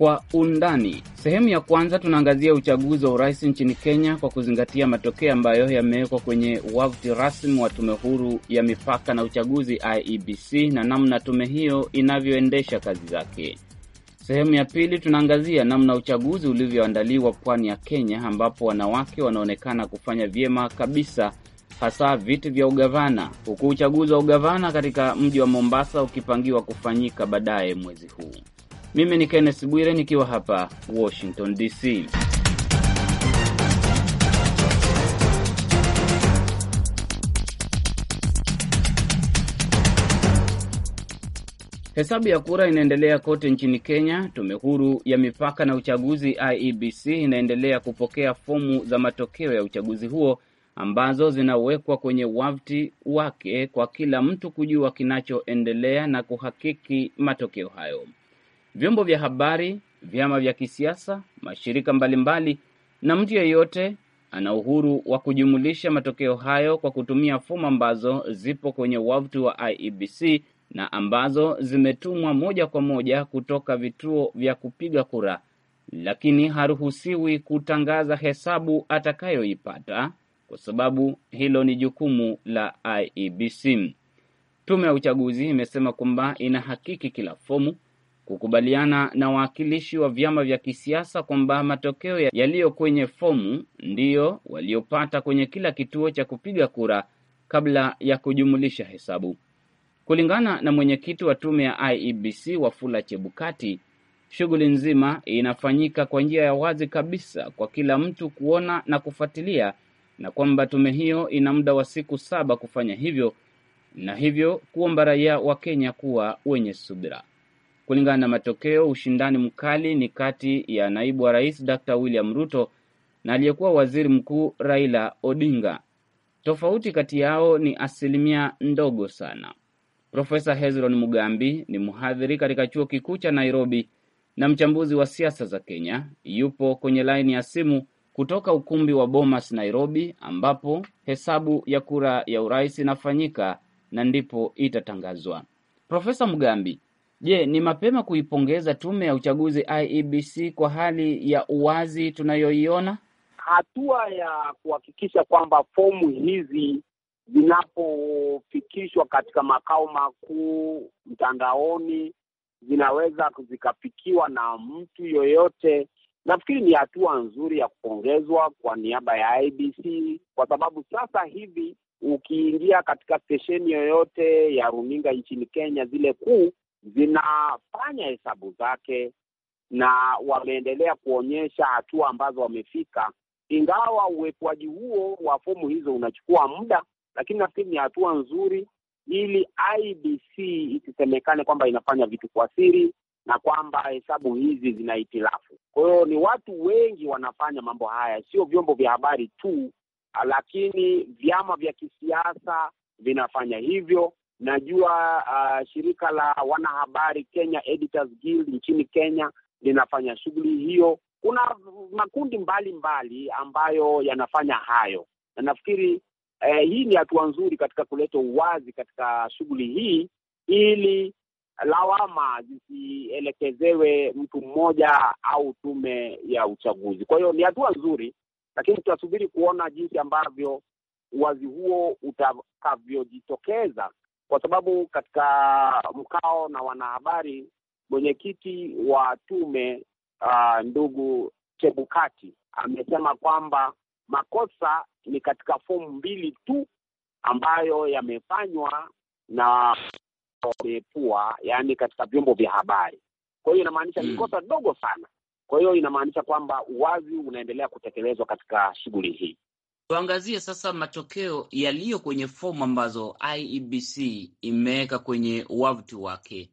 kwa undani. Sehemu ya kwanza tunaangazia uchaguzi wa urais nchini Kenya kwa kuzingatia matokeo ambayo yamewekwa kwenye wavuti rasmi wa tume huru ya mipaka na uchaguzi IEBC na namna tume hiyo inavyoendesha kazi zake. Sehemu ya pili tunaangazia namna uchaguzi ulivyoandaliwa pwani ya Kenya ambapo wanawake wanaonekana kufanya vyema kabisa hasa viti vya ugavana huku uchaguzi wa ugavana katika mji wa Mombasa ukipangiwa kufanyika baadaye mwezi huu. Mimi ni Kenneth Bwire nikiwa hapa Washington DC. Hesabu ya kura inaendelea kote nchini Kenya. Tume huru ya mipaka na uchaguzi IEBC inaendelea kupokea fomu za matokeo ya uchaguzi huo ambazo zinawekwa kwenye wavuti wake kwa kila mtu kujua kinachoendelea na kuhakiki matokeo hayo vyombo vya habari, vyama vya kisiasa, mashirika mbalimbali na mtu yeyote ana uhuru wa kujumulisha matokeo hayo kwa kutumia fomu ambazo zipo kwenye wavuti wa IEBC na ambazo zimetumwa moja kwa moja kutoka vituo vya kupiga kura, lakini haruhusiwi kutangaza hesabu atakayoipata kwa sababu hilo ni jukumu la IEBC. Tume ya uchaguzi imesema kwamba inahakiki kila fomu kukubaliana na wawakilishi wa vyama vya kisiasa kwamba matokeo yaliyo kwenye fomu ndiyo waliopata kwenye kila kituo cha kupiga kura kabla ya kujumulisha hesabu. Kulingana na mwenyekiti wa tume ya IEBC Wafula Chebukati, shughuli nzima inafanyika kwa njia ya wazi kabisa kwa kila mtu kuona na kufuatilia, na kwamba tume hiyo ina muda wa siku saba kufanya hivyo, na hivyo kuomba raia wa Kenya kuwa wenye subira. Kulingana na matokeo, ushindani mkali ni kati ya naibu wa rais Dr. William Ruto na aliyekuwa waziri mkuu Raila Odinga. Tofauti kati yao ni asilimia ndogo sana. Profesa Hezron Mugambi ni mhadhiri katika chuo kikuu cha Nairobi na mchambuzi wa siasa za Kenya. Yupo kwenye laini ya simu kutoka ukumbi wa Bomas, Nairobi, ambapo hesabu ya kura ya urais inafanyika na ndipo itatangazwa. Profesa Mugambi, Je, ni mapema kuipongeza tume ya uchaguzi IEBC kwa hali ya uwazi tunayoiona? Hatua ya kuhakikisha kwamba fomu hizi zinapofikishwa katika makao makuu mtandaoni zinaweza zikafikiwa na mtu yoyote, nafikiri ni hatua nzuri ya kupongezwa kwa niaba ya IBC, e kwa sababu sasa hivi ukiingia katika stesheni yoyote ya runinga nchini Kenya, zile kuu, zinafanya hesabu zake na wameendelea kuonyesha hatua ambazo wamefika, ingawa uwekwaji huo wa fomu hizo unachukua muda, lakini nafikiri ni hatua nzuri ili IBC isisemekane kwamba inafanya vitu kwa siri na kwamba hesabu hizi zina hitilafu. Kwa hiyo ni watu wengi wanafanya mambo haya, sio vyombo vya habari tu, lakini vyama vya kisiasa vinafanya hivyo, Najua uh, shirika la wanahabari Kenya Editors Guild nchini Kenya linafanya shughuli hiyo. Kuna makundi mbalimbali mbali ambayo yanafanya hayo, na nafikiri eh, hii ni hatua nzuri katika kuleta uwazi katika shughuli hii ili lawama zisielekezewe mtu mmoja au tume ya uchaguzi. Kwa hiyo ni hatua nzuri, lakini tutasubiri kuona jinsi ambavyo uwazi huo utakavyojitokeza kwa sababu katika mkao na wanahabari, mwenyekiti wa tume uh, ndugu Chebukati amesema kwamba makosa ni katika fomu mbili tu ambayo yamefanywa na wamepua, yaani katika vyombo vya habari. Kwa hiyo inamaanisha ni hmm. kosa dogo sana. Kwa hiyo inamaanisha kwamba uwazi unaendelea kutekelezwa katika shughuli hii. Tuangazie sasa matokeo yaliyo kwenye fomu ambazo IEBC imeweka kwenye wavuti wake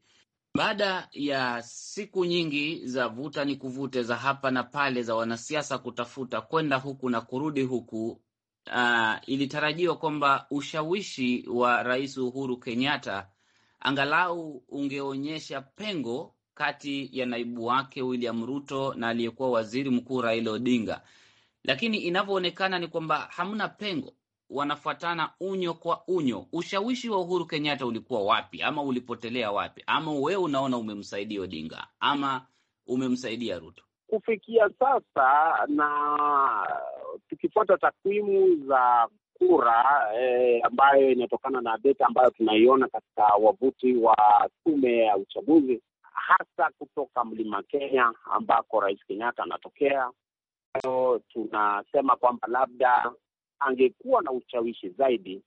baada ya siku nyingi za vuta ni kuvute za hapa na pale za wanasiasa kutafuta kwenda huku na kurudi huku. Uh, ilitarajiwa kwamba ushawishi wa Rais Uhuru Kenyatta angalau ungeonyesha pengo kati ya naibu wake William Ruto na aliyekuwa waziri mkuu Raila Odinga lakini inavyoonekana ni kwamba hamna pengo, wanafuatana unyo kwa unyo. Ushawishi wa Uhuru Kenyatta ulikuwa wapi, ama ulipotelea wapi? Ama wewe unaona umemsaidia Odinga ama umemsaidia Ruto kufikia sasa? Na tukifuata takwimu za kura eh, ambayo inatokana na data ambayo tunaiona katika wavuti wa tume ya uchaguzi hasa kutoka Mlima Kenya ambako Rais Kenyatta anatokea ambayo tunasema kwamba labda angekuwa na ushawishi zaidi,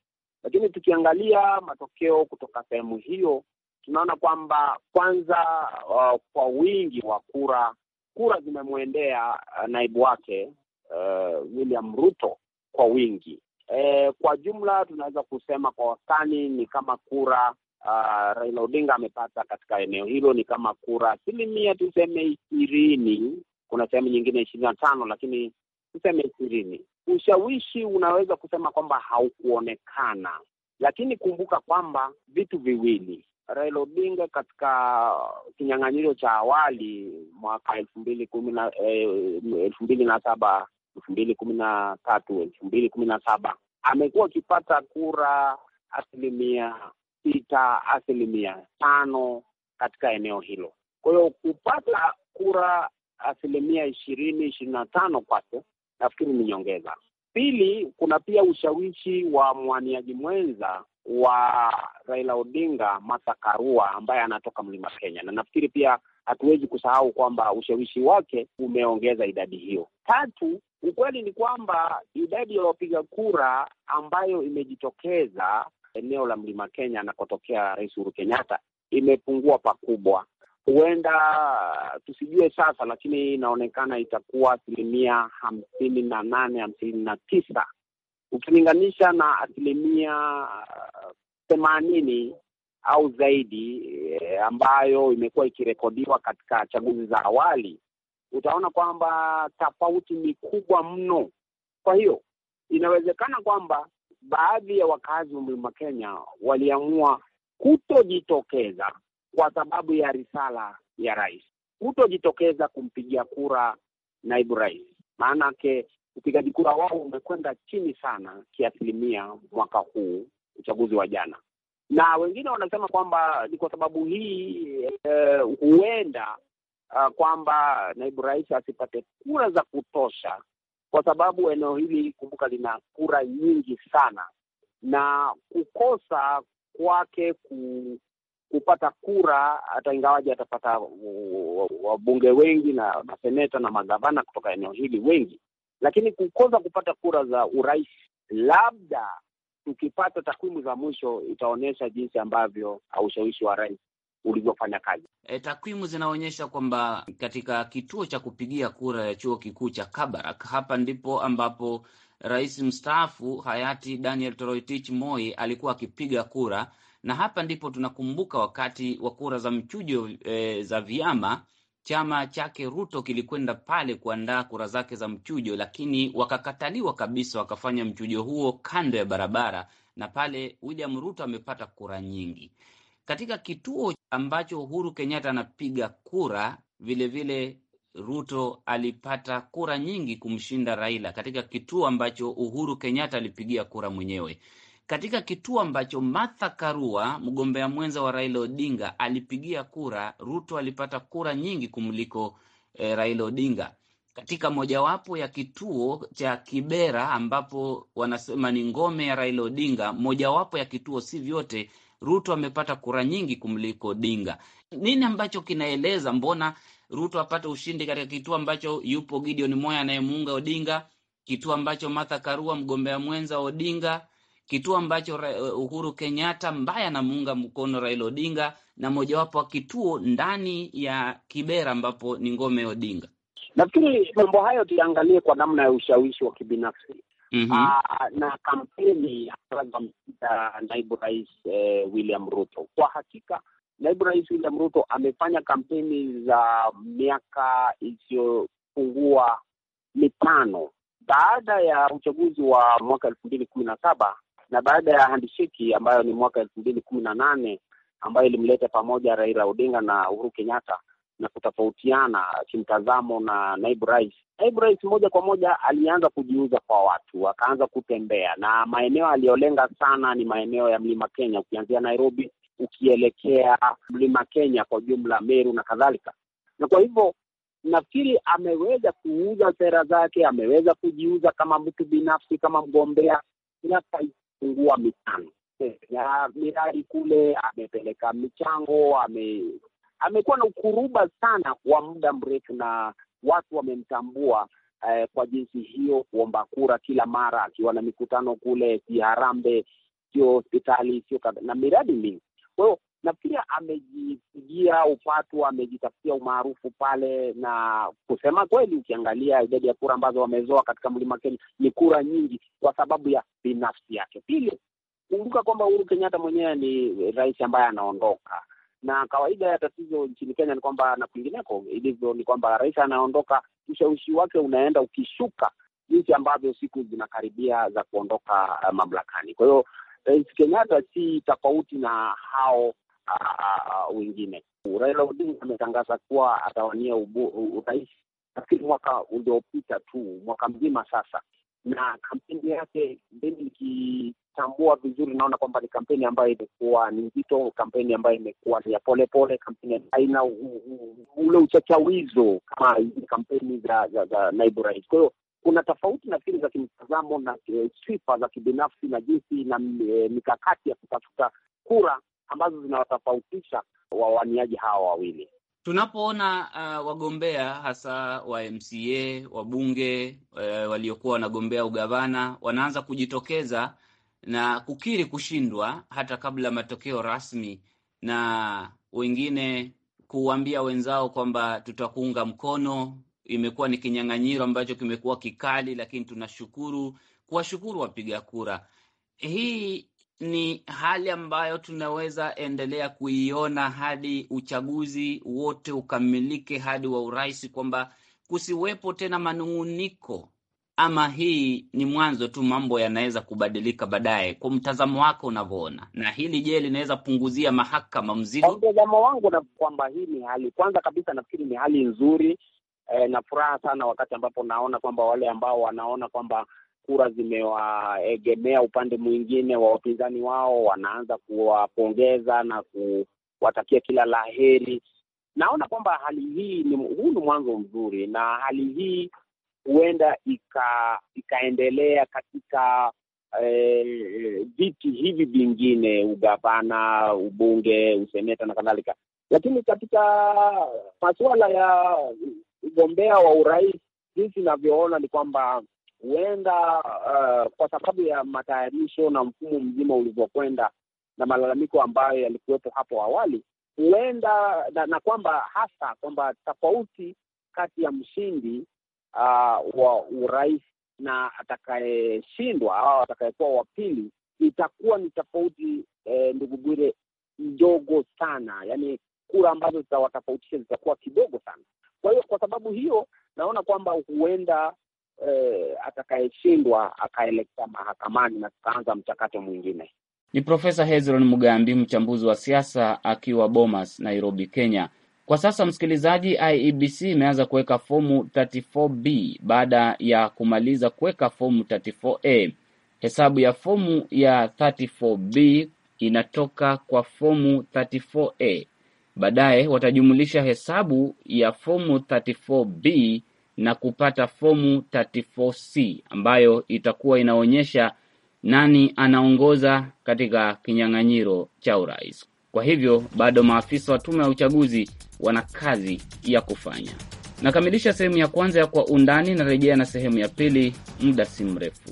lakini tukiangalia matokeo kutoka sehemu hiyo tunaona kwamba kwanza, uh, kwa wingi wa kura kura zimemwendea uh, naibu wake uh, William Ruto kwa wingi. E, kwa jumla tunaweza kusema kwa wastani ni kama kura uh, Raila Odinga amepata katika eneo hilo ni kama kura asilimia tuseme ishirini kuna sehemu nyingine ishirini na tano lakini tuseme ishirini. Ushawishi unaweza kusema kwamba haukuonekana, lakini kumbuka kwamba vitu viwili rail Odinga katika kinyang'anyiro cha awali mwaka elfu mbili kumi na eh, elfu mbili na saba elfu mbili kumi na tatu elfu mbili kumi na saba amekuwa akipata kura asilimia sita asilimia tano katika eneo hilo. Kwa hiyo kupata kura asilimia ishirini ishirini na tano kwake, nafikiri ni nyongeza. Pili, kuna pia ushawishi wa mwaniaji mwenza wa Raila Odinga, Martha Karua ambaye anatoka Mlima Kenya, na nafikiri pia hatuwezi kusahau kwamba ushawishi wake umeongeza idadi hiyo. Tatu, ukweli ni kwamba idadi ya wapiga kura ambayo imejitokeza eneo la Mlima Kenya anakotokea Rais Uhuru Kenyatta imepungua pakubwa huenda tusijue sasa, lakini inaonekana itakuwa asilimia hamsini na nane hamsini na tisa ukilinganisha na asilimia uh, themanini au zaidi e, ambayo imekuwa ikirekodiwa katika chaguzi za awali. Utaona kwamba tofauti ni kubwa mno. Kwa hiyo inawezekana kwamba baadhi ya wakazi wa mlima Kenya waliamua kutojitokeza kwa sababu ya risala ya rais, hutojitokeza kumpigia kura naibu rais. Maanake upigaji kura wao umekwenda chini sana kiasilimia mwaka huu, uchaguzi wa jana, na wengine wanasema kwamba ni kwa sababu hii eh, huenda Uh, kwamba naibu rais asipate kura za kutosha kwa sababu eneo hili kumbuka, lina kura nyingi sana, na kukosa kwake kupata kura, hata ingawaji atapata wabunge wengi na maseneta na magavana kutoka eneo hili wengi, lakini kukosa kupata kura za urais, labda tukipata takwimu za mwisho itaonyesha jinsi ambavyo ushawishi wa rais ulivyofanya kazi. E, takwimu zinaonyesha kwamba katika kituo cha kupigia kura ya chuo kikuu cha Kabarak, hapa ndipo ambapo rais mstaafu hayati Daniel Toroitich Moi alikuwa akipiga kura na hapa ndipo tunakumbuka wakati wa kura za mchujo e, za vyama chama chake Ruto kilikwenda pale kuandaa kura zake za mchujo, lakini wakakataliwa kabisa, wakafanya mchujo huo kando ya barabara, na pale William Ruto amepata kura nyingi katika kituo ambacho Uhuru Kenyatta anapiga kura. Vilevile vile Ruto alipata kura nyingi kumshinda Raila katika kituo ambacho Uhuru Kenyatta alipigia kura mwenyewe katika kituo ambacho Martha Karua mgombea mwenza wa Raila Odinga alipigia kura. Ruto alipata kura nyingi kumliko e, eh, Raila Odinga katika mojawapo ya kituo cha Kibera ambapo wanasema ni ngome ya Raila Odinga, mojawapo ya kituo, si vyote. Ruto amepata kura nyingi kumliko Odinga. Nini ambacho kinaeleza mbona Ruto apate ushindi katika kituo ambacho yupo Gideon Moya anayemuunga Odinga, kituo ambacho Martha Karua mgombea mwenza wa Odinga kituo ambacho eh, Uhuru Kenyatta mbaye anamuunga mkono Raila Odinga na mojawapo wa kituo ndani ya Kibera ambapo ni ngome ya Odinga. Nafikiri mambo hayo tuyaangalie kwa namna ya ushawishi wa kibinafsi mm -hmm. na kampeni ya uh, naibu rais eh, William Ruto. Kwa hakika naibu rais William Ruto amefanya kampeni za miaka isiyopungua mitano baada ya uchaguzi wa mwaka elfu mbili kumi na saba na baada ya handishiki ambayo ni mwaka elfu mbili kumi na nane ambayo ilimleta pamoja Raila Odinga na Uhuru Kenyatta na kutofautiana kimtazamo na naibu rais, naibu rais moja kwa moja alianza kujiuza kwa watu, akaanza kutembea, na maeneo aliyolenga sana ni maeneo ya mlima Kenya, ukianzia Nairobi ukielekea mlima Kenya kwa jumla, Meru na kadhalika. Na kwa hivyo nafikiri ameweza kuuza sera zake, ameweza kujiuza kama mtu binafsi, kama mgombea na wamepungua mitano ya miradi kule, amepeleka michango, ame amekuwa na ukuruba sana wa muda mrefu, na watu wamemtambua eh, kwa jinsi hiyo, kuomba kura kila mara akiwa na mikutano kule Kiharambe, sio hospitali sio na miradi mingi. Kwa hiyo na pia amejipigia upatu, amejitafutia umaarufu pale, na kusema kweli, ukiangalia idadi ya kura ambazo wamezoa katika mlima Kenya ni kura nyingi, kwa sababu ya binafsi yake. Pili, kumbuka kwamba Uhuru Kenyatta mwenyewe ni rais ambaye anaondoka na kawaida ya tatizo nchini Kenya ni kwamba na kwingineko ilivyo ni kwamba rais anaondoka, ushawishi wake unaenda ukishuka jinsi ambavyo siku zinakaribia za kuondoka eh, mamlakani. Kwa hiyo rais eh, Kenyatta si tofauti na hao wengine. Raila Odinga ametangaza kuwa atawania urais nafikiri mwaka uliopita tu, mwaka mzima sasa, na kampeni yake deni ikitambua vizuri, naona kwamba ni kampeni ambayo imekuwa ni nzito, kampeni ambayo imekuwa ni ya polepole, kampeni haina ule uchachawizo kama hizi kampeni za, za, za naibu rais. Kwa hiyo kuna tofauti nafikiri za kimtazamo na eh, sifa za kibinafsi na jinsi na eh, mikakati ya kutafuta kura ambazo zinawatofautisha wawaniaji hawa wawili. Tunapoona uh, wagombea hasa wa MCA wabunge, uh, waliokuwa wanagombea ugavana wanaanza kujitokeza na kukiri kushindwa hata kabla matokeo rasmi, na wengine kuwaambia wenzao kwamba tutakuunga mkono. Imekuwa ni kinyang'anyiro ambacho kimekuwa kikali, lakini tunashukuru, kuwashukuru wapiga kura. Hii ni hali ambayo tunaweza endelea kuiona hadi uchaguzi wote ukamilike, hadi wa urais, kwamba kusiwepo tena manung'uniko, ama hii ni mwanzo tu, mambo yanaweza kubadilika baadaye. Kwa mtazamo wako unavyoona, na hili je, linaweza punguzia mahakama mzigo? Kwa mtazamo wangu na kwamba hii ni hali, kwanza kabisa nafikiri ni hali nzuri eh, na furaha sana wakati ambapo naona kwamba wale ambao wanaona kwamba kura zimewaegemea upande mwingine wa wapinzani wao, wanaanza kuwapongeza na kuwatakia kila la heri. Naona kwamba hali hii ni, huu ni mwanzo mzuri, na hali hii huenda ika, ikaendelea katika eh, viti hivi vingine, ugavana, ubunge, useneta na kadhalika, lakini katika masuala ya ugombea wa urais jinsi inavyoona ni kwamba huenda uh, kwa sababu ya matayarisho na mfumo mzima ulivyokwenda na malalamiko ambayo yalikuwepo hapo awali, huenda na, na kwamba hasa kwamba tofauti kati ya mshindi uh, wa urais na atakayeshindwa au atakayekuwa wa pili itakuwa ni tofauti eh, ndugu Bwire, ndogo sana, yani kura ambazo zitawatofautisha zitakuwa kidogo sana. Kwa hiyo kwa sababu hiyo, naona kwamba huenda eh, atakayeshindwa akaelekea mahakamani na tukaanza mchakato mwingine. Ni Profesa Hezron Mugambi, mchambuzi wa siasa akiwa Bomas, Nairobi, Kenya. Kwa sasa msikilizaji, IEBC imeanza kuweka fomu 34B baada ya kumaliza kuweka fomu 34A. Hesabu ya fomu ya 34B inatoka kwa fomu 34A. Baadaye watajumulisha hesabu ya fomu 34B na kupata fomu 34C ambayo itakuwa inaonyesha nani anaongoza katika kinyang'anyiro cha urais. Kwa hivyo bado maafisa wa tume ya uchaguzi wana kazi ya kufanya. Nakamilisha sehemu ya kwanza ya Kwa Undani, narejea na sehemu ya pili muda si mrefu.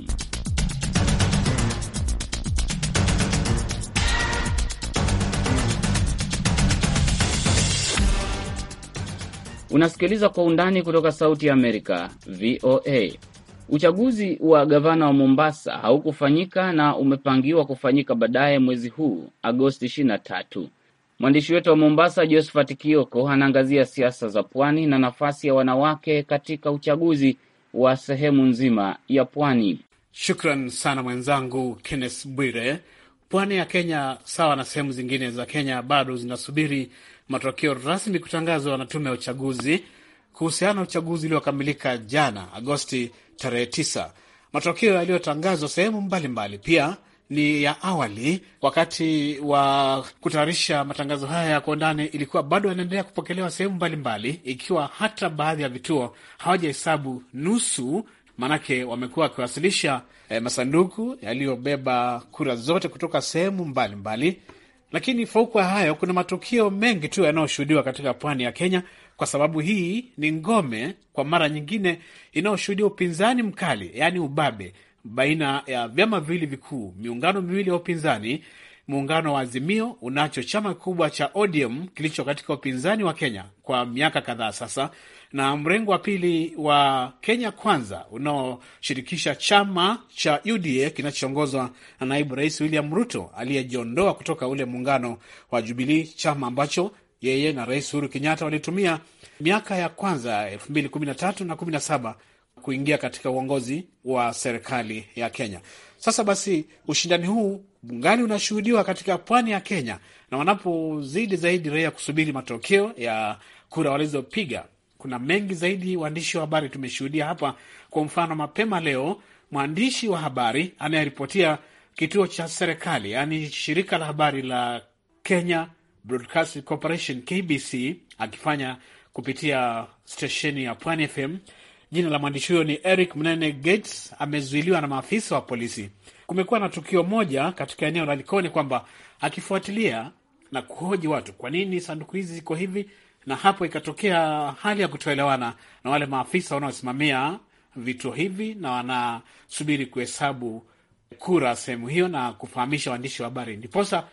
Unasikiliza kwa undani kutoka Sauti ya Amerika, VOA. Uchaguzi wa gavana wa Mombasa haukufanyika na umepangiwa kufanyika baadaye mwezi huu Agosti 23. Mwandishi wetu wa Mombasa, Josephat Kioko, anaangazia siasa za pwani na nafasi ya wanawake katika uchaguzi wa sehemu nzima ya pwani. Shukran sana mwenzangu Kenneth Bwire. Pwani ya Kenya sawa na sehemu zingine za Kenya bado zinasubiri matokeo rasmi kutangazwa na tume ya uchaguzi kuhusiana na uchaguzi uliokamilika jana Agosti tarehe 9. Matokeo yaliyotangazwa sehemu mbalimbali pia ni ya awali. Wakati wa kutayarisha matangazo haya ya kwa undani, ilikuwa bado yanaendelea kupokelewa sehemu mbalimbali, ikiwa hata baadhi ya vituo hawajahesabu nusu, maanake wamekuwa wakiwasilisha eh, masanduku yaliyobeba kura zote kutoka sehemu mbalimbali lakini fauku ya hayo, kuna matukio mengi tu yanayoshuhudiwa katika pwani ya Kenya, kwa sababu hii ni ngome kwa mara nyingine inayoshuhudia upinzani mkali, yaani ubabe baina ya vyama viwili vikuu, miungano miwili ya upinzani muungano wa Azimio unacho chama kubwa cha ODM kilicho katika upinzani wa Kenya kwa miaka kadhaa sasa, na mrengo wa pili wa Kenya Kwanza unaoshirikisha chama cha UDA kinachoongozwa na naibu rais William Ruto aliyejiondoa kutoka ule muungano wa Jubilii, chama ambacho yeye na Rais Uhuru Kenyatta walitumia miaka ya kwanza elfu mbili kumi na tatu na kumi na saba kuingia katika uongozi wa serikali ya Kenya. Sasa basi ushindani huu ngali unashuhudiwa katika pwani ya Kenya, na wanapozidi zaidi raia kusubiri matokeo ya kura walizopiga, kuna mengi zaidi waandishi wa habari tumeshuhudia hapa. Kwa mfano, mapema leo mwandishi wa habari anayeripotia kituo cha serikali, yaani shirika la habari la Kenya Broadcasting Corporation KBC, akifanya kupitia stesheni ya Pwani FM Jina la mwandishi huyo ni Eric Mnene Gates, amezuiliwa na maafisa wa polisi. Kumekuwa na tukio moja katika eneo la Likoni kwamba akifuatilia na kuhoji watu, kwa nini sanduku hizi ziko hivi, na hapo ikatokea hali ya kutoelewana na wale maafisa wanaosimamia vituo hivi, na wanasubiri kuhesabu kura sehemu hiyo na kufahamisha waandishi wa habari, ndiposa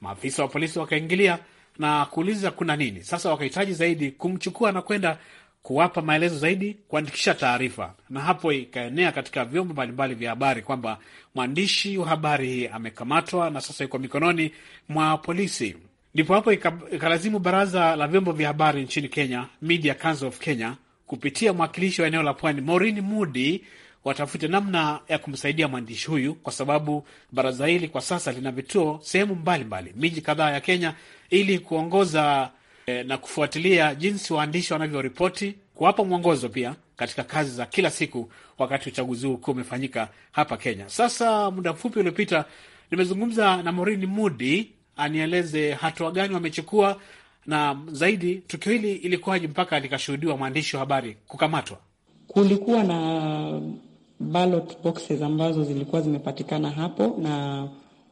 maafisa wa polisi wakaingilia na kuuliza kuna nini. Sasa wakahitaji zaidi kumchukua na kwenda kuwapa maelezo zaidi, kuandikisha taarifa, na hapo ikaenea katika vyombo mbalimbali vya habari kwamba mwandishi wa habari hii amekamatwa na sasa yuko mikononi mwa polisi. Ndipo hapo ikalazimu baraza la vyombo vya habari nchini Kenya, Media Council of Kenya, kupitia mwakilishi wa eneo la Pwani Maureen Mudi watafute namna ya kumsaidia mwandishi huyu, kwa sababu baraza hili kwa sasa lina vituo sehemu mbalimbali, miji kadhaa ya Kenya, ili kuongoza e, na kufuatilia jinsi waandishi wanavyoripoti, kuwapa mwongozo pia katika kazi za kila siku, wakati uchaguzi huu ukiwa umefanyika hapa Kenya. Sasa muda mfupi uliopita nimezungumza na Maureen Mudi anieleze hatua gani wamechukua na zaidi tukio hili ilikuwaje mpaka likashuhudiwa mwandishi wa habari kukamatwa. Kulikuwa na ballot boxes ambazo zilikuwa zimepatikana hapo, na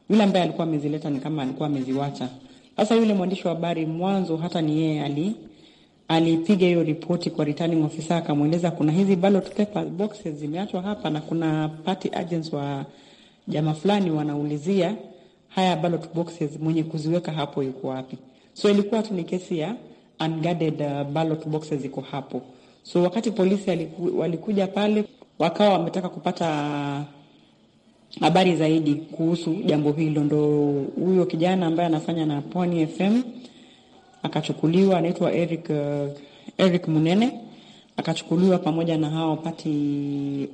yule ambaye alikuwa amezileta ni kama alikuwa ameziwacha sasa yule mwandishi wa habari mwanzo, hata ni yeye ali alipiga hiyo ripoti kwa returning officer, akamweleza kuna hizi ballot paper boxes zimeachwa hapa na kuna party agents wa jamaa fulani wanaulizia haya ballot boxes, mwenye kuziweka hapo yuko wapi? So ilikuwa tu ni kesi ya unguarded uh, ballot boxes ziko hapo. So wakati polisi waliku, walikuja pale wakawa wametaka kupata habari zaidi kuhusu jambo hilo. Ndo huyo kijana ambaye anafanya na Pony FM akachukuliwa, anaitwa Eric, uh, Eric Munene akachukuliwa pamoja na hao party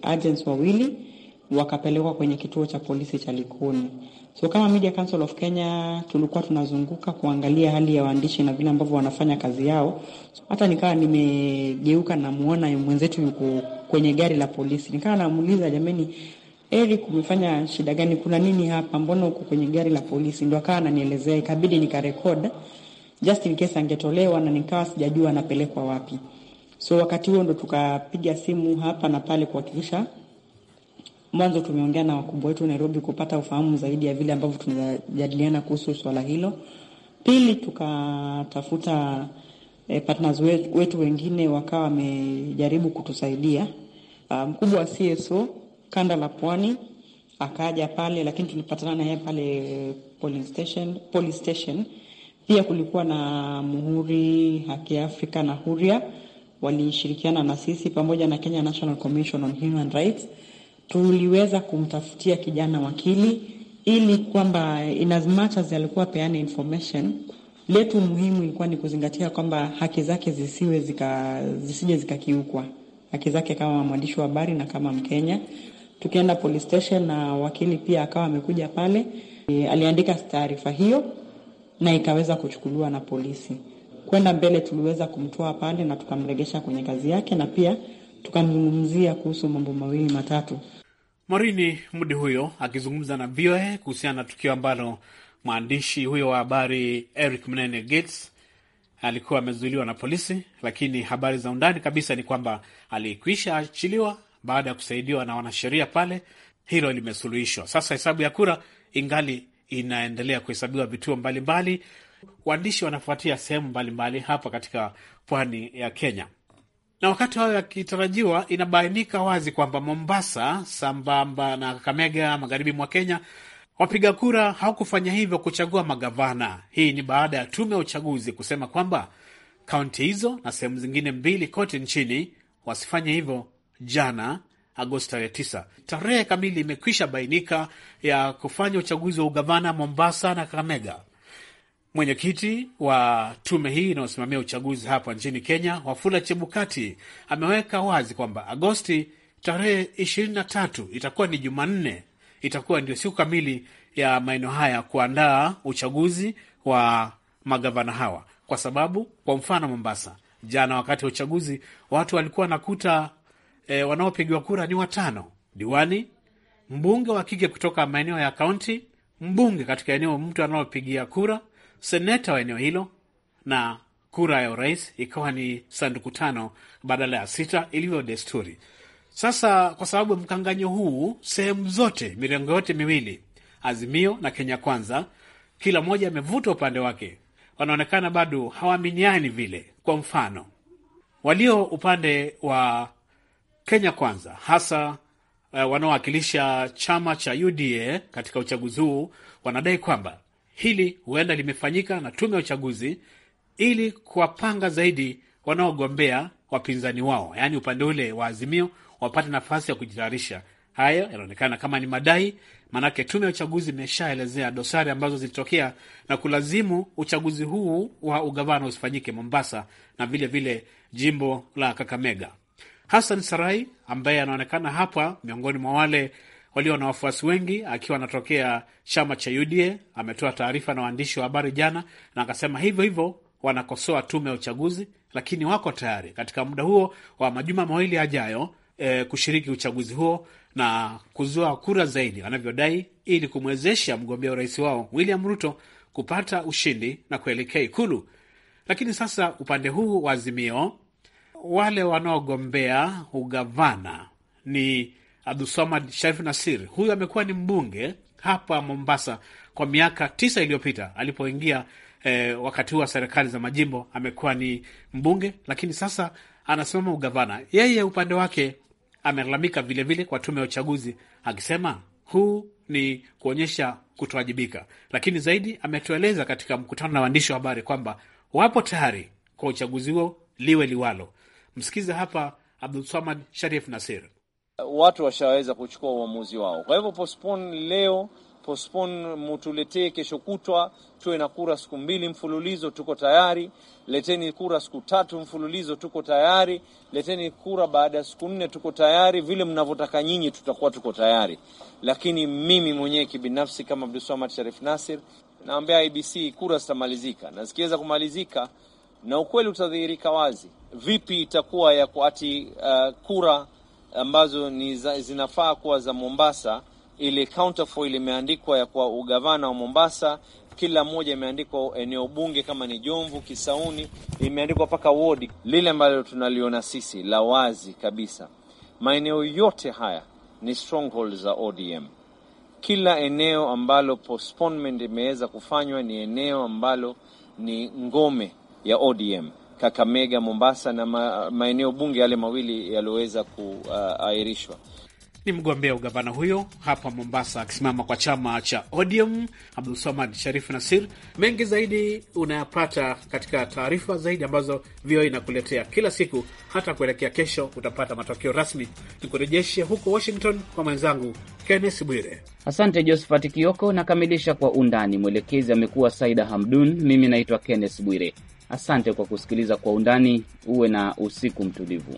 agents wawili wakapelekwa kwenye kituo cha polisi cha Likoni. So kama Media Council of Kenya tulikuwa tunazunguka kuangalia hali ya waandishi na vile ambavyo wanafanya kazi yao. So, hata nikawa nimegeuka namuona mwenzetu yuko kwenye gari la polisi, nikawa namuuliza jameni, Eric, umefanya shida gani? Kuna nini hapa? Mbona uko kwenye gari la polisi? Ndio akawa ananielezea, ikabidi nikarekod just in case angetolewa, na nikawa sijajua anapelekwa wapi. So wakati huo ndo tukapiga simu hapa na pale kuhakikisha mwanzo tumeongea na wakubwa wetu Nairobi kupata ufahamu zaidi ya vile ambavyo tunajadiliana kuhusu swala hilo. Pili, tukatafuta eh, partners wetu wengine wakawa wamejaribu kutusaidia ah, mkubwa um, wa CSO kanda la pwani akaja pale, lakini tulipatana naye pale police station, police station. Pia kulikuwa na Muhuri, Haki Afrika na Huria walishirikiana na sisi pamoja na Kenya National Commission on Human Rights. Tuliweza kumtafutia kijana wakili ili kwamba in as much as alikuwa peana information letu muhimu ilikuwa ni kuzingatia kwamba haki zake zisiwe zika, zisije zikakiukwa haki zake kama mwandishi wa habari na kama Mkenya. Tukienda police station na wakili pia akawa amekuja pale e, aliandika taarifa hiyo na ikaweza kuchukuliwa na polisi. Kwenda mbele, tuliweza kumtoa pale na tukamregesha kwenye kazi yake na pia tukamzungumzia kuhusu mambo mawili matatu. Marini Mudi huyo akizungumza na VOA kuhusiana na tukio ambalo mwandishi huyo wa habari Eric Mnene Gates alikuwa amezuiliwa na polisi, lakini habari za undani kabisa ni kwamba alikwisha achiliwa baada ya kusaidiwa na wanasheria pale, hilo limesuluhishwa. Sasa hesabu ya kura ingali inaendelea kuhesabiwa vituo mbalimbali. Waandishi wanafuatia sehemu mbalimbali hapa katika pwani ya Kenya, na wakati hayo yakitarajiwa, inabainika wazi kwamba Mombasa sambamba na Kakamega, magharibi mwa Kenya, wapiga kura hawakufanya hivyo kuchagua magavana. Hii ni baada ya tume ya uchaguzi kusema kwamba kaunti hizo na sehemu zingine mbili kote nchini wasifanye hivyo jana Agosti tarehe tisa, tarehe kamili imekwisha bainika ya kufanya uchaguzi wa ugavana Mombasa na Kakamega. Mwenyekiti wa tume hii inayosimamia uchaguzi hapa nchini Kenya, Wafula Chebukati, ameweka wazi kwamba Agosti tarehe 23 itakuwa ni Jumanne, itakuwa ndio siku kamili ya maeneo haya kuandaa uchaguzi wa magavana hawa, kwa sababu kwa mfano Mombasa jana, wakati wa uchaguzi, watu walikuwa wanakuta e, wanaopigiwa kura ni watano: diwani, mbunge wa kike kutoka maeneo ya kaunti, mbunge katika eneo mtu anaopigia kura, seneta wa eneo hilo, na kura ya urais ikawa ni sanduku tano badala ya sita ilivyo desturi. Sasa kwa sababu ya mkanganyo huu, sehemu zote, mirengo yote miwili, Azimio na Kenya Kwanza, kila mmoja amevuta upande wake, wanaonekana bado hawaaminiani vile. Kwa mfano, walio upande wa Kenya Kwanza, hasa uh, wanaowakilisha chama cha UDA katika uchaguzi huu wanadai kwamba hili huenda limefanyika na tume ya uchaguzi ili kuwapanga zaidi wanaogombea wapinzani wao, yaani upande ule wa Azimio wapate nafasi ya kujitayarisha. Hayo yanaonekana kama ni madai, maanake tume ya uchaguzi imeshaelezea dosari ambazo zilitokea na kulazimu uchaguzi huu wa ugavana usifanyike Mombasa na vilevile vile jimbo la Kakamega. Hassan Sarai ambaye anaonekana hapa miongoni mwa wale walio na wafuasi wengi akiwa anatokea chama cha UDA ametoa taarifa na waandishi wa habari jana, na akasema hivyo hivyo wanakosoa tume ya uchaguzi, lakini wako tayari katika muda huo wa majuma mawili yajayo e, kushiriki uchaguzi huo na kuzua kura zaidi wanavyodai, ili kumwezesha mgombea urais wao William Ruto kupata ushindi na kuelekea Ikulu. Lakini sasa upande huu wa Azimio wale wanaogombea ugavana ni abdusamad Sharif Nasir. Huyu amekuwa ni mbunge hapa Mombasa kwa miaka tisa iliyopita alipoingia eh, wakati huu wa serikali za majimbo amekuwa ni mbunge, lakini sasa anasimama ugavana. Yeye upande wake amelalamika vilevile kwa tume ya uchaguzi akisema huu ni kuonyesha kutowajibika, lakini zaidi ametueleza katika mkutano na waandishi wa habari kwamba wapo tayari kwa uchaguzi huo liwe liwalo, Msikiza hapa Abdulsamad Sharif Nasir. Watu washaweza kuchukua uamuzi wao, kwa hivyo postpone leo, postpone mutuletee kesho kutwa, tuwe na kura siku mbili mfululizo, tuko tayari. Leteni kura siku tatu mfululizo, tuko tayari. Leteni kura baada ya siku nne, tuko tayari. Vile mnavyotaka nyinyi, tutakuwa tuko tayari, lakini mimi mwenyewe kibinafsi kama Abdulsamad Sharif Nasir naambia IBC kura zitamalizika, na zikiweza kumalizika na ukweli utadhihirika wazi vipi itakuwa ya kuati uh, kura ambazo ni za, zinafaa kuwa za Mombasa. Ile counterfoil imeandikwa ya kwa ugavana wa Mombasa, kila mmoja imeandikwa eneo bunge kama ni Jomvu, Kisauni, imeandikwa mpaka wodi. Lile ambalo tunaliona sisi la wazi kabisa, maeneo yote haya ni stronghold za ODM. Kila eneo ambalo postponement imeweza kufanywa ni eneo ambalo ni ngome ya ODM. Kakamega, Mombasa na ma, maeneo bunge yale mawili yaliyoweza kuahirishwa. Ni mgombea ugavana huyo hapa Mombasa akisimama kwa chama cha ODM, Abdulsamad sharif Nasir. Mengi zaidi unayapata katika taarifa zaidi ambazo VOA inakuletea kila siku, hata kuelekea kesho utapata matokeo rasmi. Nikurejeshe huko Washington kwa mwenzangu kennes Bwire. Asante Josephat Kioko, nakamilisha kwa undani. Mwelekezi amekuwa Saida Hamdun, mimi naitwa kennes Bwire. Asante kwa kusikiliza Kwa Undani. Uwe na usiku mtulivu.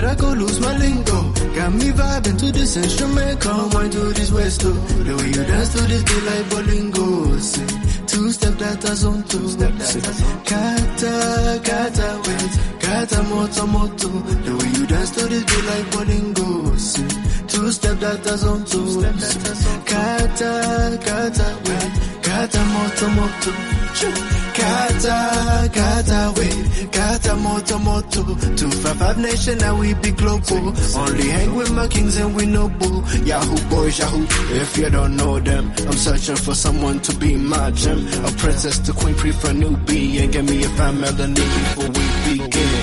But I go lose my lingo. Got me vibing to this instrument, come wine to this west The way you dance to this beat like bolingo, two step that I zone two step Kata kata wait, kata moto moto. The way you dance to this beat like bolingo, two step that I zone two step Kata kata wait. Kata moto moto, kata kata we, kata moto moto. Two five five nation now we be global. Only hang with my kings and we bull. Yahoo boys, Yahoo. If you don't know them, I'm searching for someone to be my gem. A princess to queen, pre for newbie, and give me a fine melody before we begin.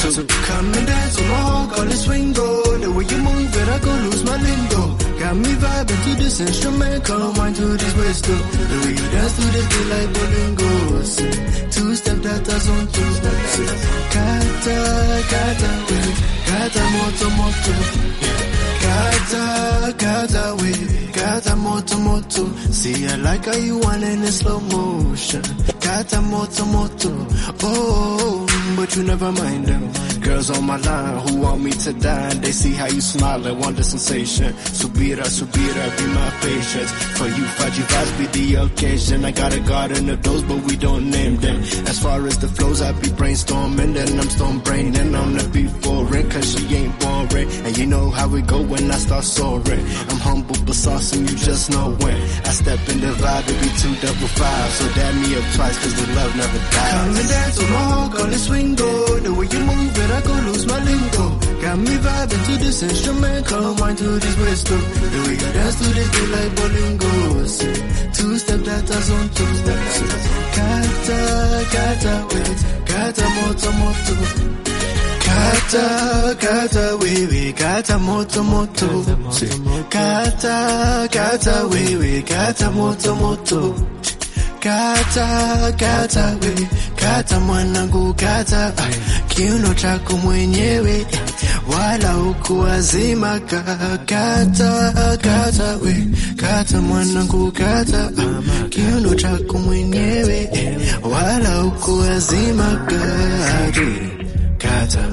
So come and dance along, call swing go The way you move it, I go lose my lingo. Got me vibing to this instrument, come on to this whistle. And we dance to this beat like bolingos. Two step that does on two steps. Kata, kata, we. Kata, moto, moto. Kata, kata, we. Kata, moto, moto. See, I like how you want it in slow motion. Kata, moto, moto. Oh, but you never mind them. Girls on my line who want me to die. They see how you smile and want the sensation. Subira, subira, be my patience. For you, Faji vibes be the occasion. I got a garden of those, but we don't name them. As far as the flows, I be brainstorming, then I'm stone brain, and I'm the before foreign, cause she ain't boring. And you know how it go when I start soaring. I'm humble but saucy, you just know when. I step in the vibe, it be two double five. So dab me up twice, cause the love never dies. Come and dance along, on swing window, the way you move it like I lose my lingo. Got me vibing to this instrumental, wine to this whistle. Then we gon' dance to this beat like bolingo. Two step that us on two steps. Kata, kata, wait, kata moto moto. Kata, kata, we we kata moto moto. Kata, kata, we we kata moto moto. Kata, kata we, kata mwanangu, kata kiuno chako mwenyewe, wala ukuwazima. Kata, kata we, kata mwanangu, kata kiuno chako mwenyewe, wala ukuwazima. Kata,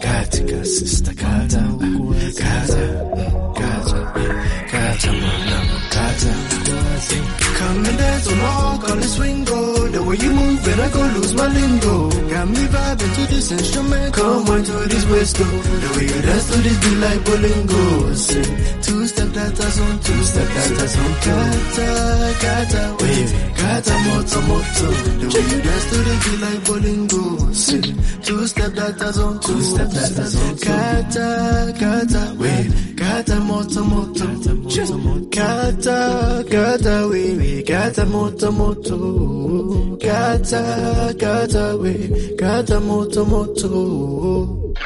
katika sister, kata, kata, kata, kata mwanangu, kata Come and dance or walk on swing go. The way you move and I go lose my lingo. Got me vibing to this instrument. Come on to this whistle. The way you dance to this be like bolingo. two step that I on two step that I on kata kata wave kata moto moto. The way you dance to this be like bolingo. two step that I on two step that I on kata kata wait. Kata moto moto, kata kata we we kata moto moto, kata kata we kata moto moto.